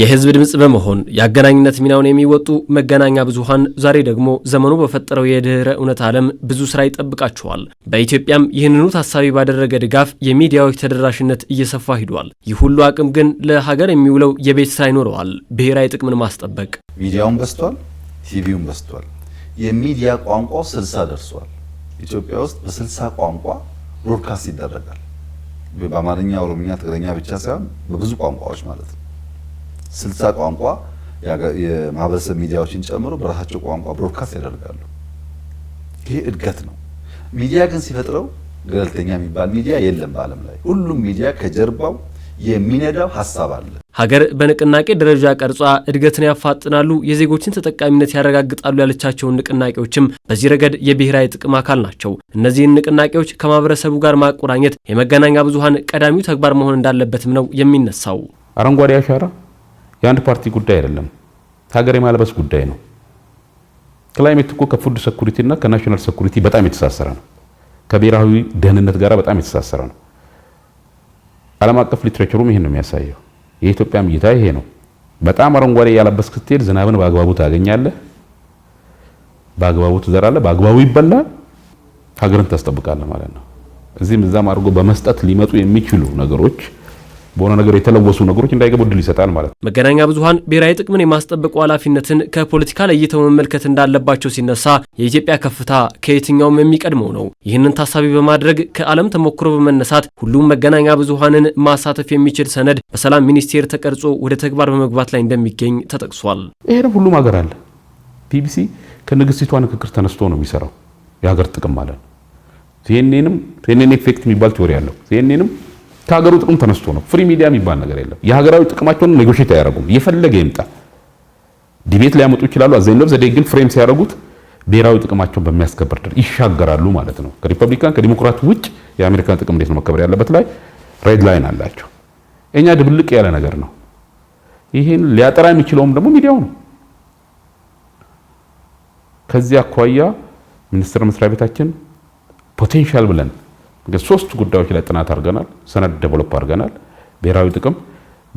የህዝብ ድምፅ በመሆን የአገናኝነት ሚናውን የሚወጡ መገናኛ ብዙሃን ዛሬ ደግሞ ዘመኑ በፈጠረው የድህረ እውነት ዓለም ብዙ ስራ ይጠብቃቸዋል። በኢትዮጵያም ይህንኑ ታሳቢ ባደረገ ድጋፍ የሚዲያዎች ተደራሽነት እየሰፋ ሂዷል። ይህ ሁሉ አቅም ግን ለሀገር የሚውለው የቤት ስራ ይኖረዋል። ብሔራዊ ጥቅምን ማስጠበቅ። ሚዲያውን በስቷል። ቲቪውን በስቷል። የሚዲያ ቋንቋው ስልሳ ደርሷል። ኢትዮጵያ ውስጥ በስልሳ ቋንቋ ብሮድካስት ይደረጋል። በአማርኛ፣ ኦሮምኛ፣ ትግረኛ ብቻ ሳይሆን በብዙ ቋንቋዎች ማለት ነው። ስልሳ ቋንቋ የማህበረሰብ ሚዲያዎችን ጨምሮ በራሳቸው ቋንቋ ብሮድካስት ያደርጋሉ። ይሄ እድገት ነው። ሚዲያ ግን ሲፈጥረው ገለልተኛ የሚባል ሚዲያ የለም በዓለም ላይ። ሁሉም ሚዲያ ከጀርባው የሚነዳው ሀሳብ አለ። ሀገር በንቅናቄ ደረጃ ቀርጿ እድገትን ያፋጥናሉ፣ የዜጎችን ተጠቃሚነት ያረጋግጣሉ ያለቻቸውን ንቅናቄዎችም በዚህ ረገድ የብሔራዊ ጥቅም አካል ናቸው። እነዚህን ንቅናቄዎች ከማህበረሰቡ ጋር ማቆራኘት የመገናኛ ብዙሀን ቀዳሚው ተግባር መሆን እንዳለበትም ነው የሚነሳው። አረንጓዴ አሻራ የአንድ ፓርቲ ጉዳይ አይደለም፣ ሀገር የማልበስ ጉዳይ ነው። ክላይሜት እኮ ከፉድ ሰኩሪቲ እና ከናሽናል ሰኩሪቲ በጣም የተሳሰረ ነው። ከብሔራዊ ደህንነት ጋር በጣም የተሳሰረ ነው። ዓለም አቀፍ ሊትሬቸሩም ይሄን ነው የሚያሳየው። የኢትዮጵያም እይታ ይሄ ነው። በጣም አረንጓዴ ያለበስክ ስትሄድ ዝናብን በአግባቡ ታገኛለህ፣ በአግባቡ ትዘራለህ፣ በአግባቡ ይበላል፣ ሀገርን ታስጠብቃለህ ማለት ነው። እዚህም እዛም አድርጎ በመስጠት ሊመጡ የሚችሉ ነገሮች በሆነ ነገር የተለወሱ ነገሮች እንዳይገቡ እድል ይሰጣል ማለት ነው። መገናኛ ብዙሀን ብሔራዊ ጥቅምን የማስጠበቁ ኃላፊነትን ከፖለቲካ ለይተው መመልከት እንዳለባቸው ሲነሳ የኢትዮጵያ ከፍታ ከየትኛውም የሚቀድመው ነው። ይህንን ታሳቢ በማድረግ ከዓለም ተሞክሮ በመነሳት ሁሉም መገናኛ ብዙሀንን ማሳተፍ የሚችል ሰነድ በሰላም ሚኒስቴር ተቀርጾ ወደ ተግባር በመግባት ላይ እንደሚገኝ ተጠቅሷል። ይህንም ሁሉም ሀገር አለ። ቢቢሲ ከንግስቲቷ ንክክር ተነስቶ ነው የሚሰራው የሀገር ጥቅም ማለት ነው። ሲኤንኤንም ሲኤንኤን ኤፌክት የሚባል ቲዎሪ አለው። ሲኤንኤንም ከሀገሩ ጥቅም ተነስቶ ነው። ፍሪ ሚዲያ የሚባል ነገር የለም። የሀገራዊ ጥቅማቸውን ኔጎሽት አያደርጉም። እየፈለገ ይምጣ ዲቤት ሊያመጡ ይችላሉ። አዘኝ ዘዴ ግን ፍሬም ሲያደርጉት ብሔራዊ ጥቅማቸውን በሚያስከብር ደር ይሻገራሉ ማለት ነው። ከሪፐብሊካን ከዲሞክራት ውጭ የአሜሪካን ጥቅም እንዴት ነው መከበር ያለበት ላይ ሬድ ላይን አላቸው። እኛ ድብልቅ ያለ ነገር ነው። ይህን ሊያጠራ የሚችለውም ደግሞ ሚዲያው ነው። ከዚህ አኳያ ሚኒስቴር መስሪያ ቤታችን ፖቴንሻል ብለን ሶስት ጉዳዮች ላይ ጥናት አድርገናል፣ ሰነድ ዴቨሎፕ አድርገናል። ብሔራዊ ጥቅም፣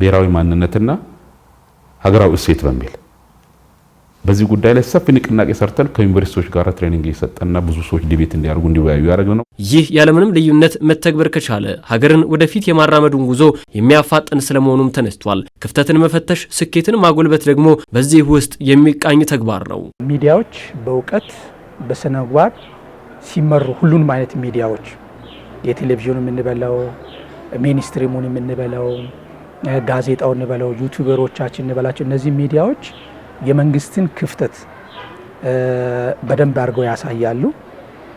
ብሔራዊ ማንነትና ሀገራዊ እሴት በሚል በዚህ ጉዳይ ላይ ሰፊ ንቅናቄ ሰርተን ከዩኒቨርሲቲዎች ጋር ትሬኒንግ እየሰጠና ብዙ ሰዎች ዲቤት እንዲያደርጉ እንዲወያዩ ያደረግን ነው። ይህ ያለምንም ልዩነት መተግበር ከቻለ ሀገርን ወደፊት የማራመዱን ጉዞ የሚያፋጥን ስለመሆኑም ተነስቷል። ክፍተትን መፈተሽ፣ ስኬትን ማጎልበት ደግሞ በዚህ ውስጥ የሚቃኝ ተግባር ነው። ሚዲያዎች በእውቀት በስነምግባር ሲመሩ ሁሉንም አይነት ሚዲያዎች የቴሌቪዥኑ የምንበለው ሚኒስትሪሙን የምንበለው ጋዜጣው እንበለው ዩቱበሮቻችን እንበላቸው እነዚህ ሚዲያዎች የመንግስትን ክፍተት በደንብ አድርገው ያሳያሉ።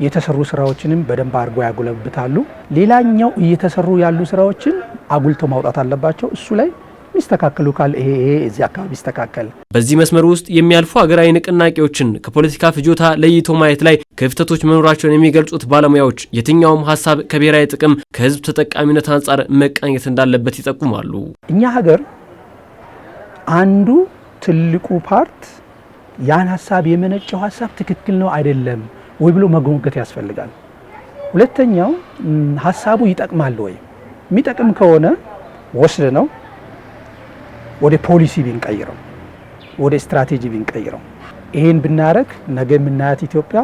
የተሰሩ ስራዎችንም በደንብ አድርገው ያጎለብታሉ። ሌላኛው እየተሰሩ ያሉ ስራዎችን አጉልተው ማውጣት አለባቸው። እሱ ላይ የሚስተካከሉ ካል ይሄ ይሄ እዚህ አካባቢ ይስተካከል። በዚህ መስመር ውስጥ የሚያልፉ ሀገራዊ ንቅናቄዎችን ከፖለቲካ ፍጆታ ለይቶ ማየት ላይ ክፍተቶች መኖራቸውን የሚገልጹት ባለሙያዎች የትኛውም ሀሳብ ከብሔራዊ ጥቅም ከህዝብ ተጠቃሚነት አንጻር መቃኘት እንዳለበት ይጠቁማሉ። እኛ ሀገር አንዱ ትልቁ ፓርት ያን ሀሳብ የመነጨው ሀሳብ ትክክል ነው አይደለም ወይ ብሎ መጎንገት ያስፈልጋል። ሁለተኛው ሀሳቡ ይጠቅማል ወይ? የሚጠቅም ከሆነ ወስድ ነው ወደ ፖሊሲ ብንቀይረው፣ ወደ ስትራቴጂ ብንቀይረው፣ ይሄን ብናደረግ ነገ የምናያት ኢትዮጵያ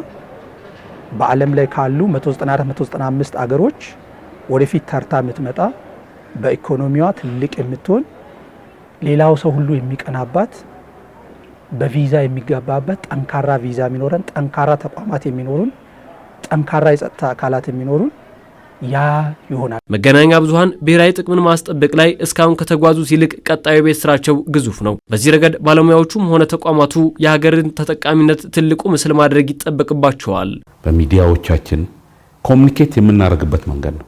በዓለም ላይ ካሉ 194 195 አገሮች ወደፊት ተርታ የምትመጣ በኢኮኖሚዋ ትልቅ የምትሆን ሌላው ሰው ሁሉ የሚቀናባት በቪዛ የሚገባበት ጠንካራ ቪዛ የሚኖረን ጠንካራ ተቋማት የሚኖሩን ጠንካራ የጸጥታ አካላት የሚኖሩን ያ ይሆናል። መገናኛ ብዙኃን ብሔራዊ ጥቅምን ማስጠበቅ ላይ እስካሁን ከተጓዙት ይልቅ ቀጣዩ ቤት ስራቸው ግዙፍ ነው። በዚህ ረገድ ባለሙያዎቹም ሆነ ተቋማቱ የሀገርን ተጠቃሚነት ትልቁ ምስል ማድረግ ይጠበቅባቸዋል። በሚዲያዎቻችን ኮሚኒኬት የምናደርግበት መንገድ ነው።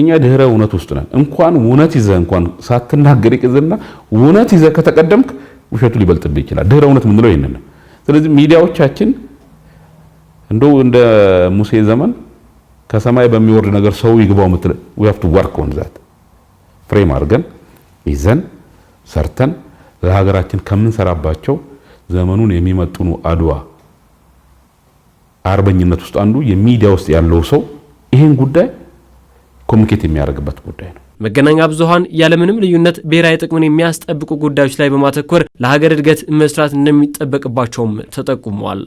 እኛ ድህረ እውነት ውስጥ ነን። እንኳን እውነት ይዘ እንኳን ሳትናገር ቅዝና እውነት ይዘ ከተቀደምክ ውሸቱ ሊበልጥብ ይችላል። ድህረ እውነት የምንለው ይህንን ነው። ስለዚህ ሚዲያዎቻችን እንደው እንደ ሙሴ ዘመን ከሰማይ በሚወርድ ነገር ሰው ይግባው ምትል ዊ have to work on ፍሬም አድርገን ይዘን ሰርተን ለሀገራችን ከምንሰራባቸው ዘመኑን የሚመጥኑ አድዋ አርበኝነት ውስጥ አንዱ የሚዲያ ውስጥ ያለው ሰው ይህን ጉዳይ ኮሚኒኬት የሚያደርግበት ጉዳይ ነው። መገናኛ ብዙኃን ያለምንም ልዩነት ብሔራዊ ጥቅምን የሚያስጠብቁ ጉዳዮች ላይ በማተኮር ለሀገር እድገት መስራት እንደሚጠበቅባቸውም ተጠቁሟል።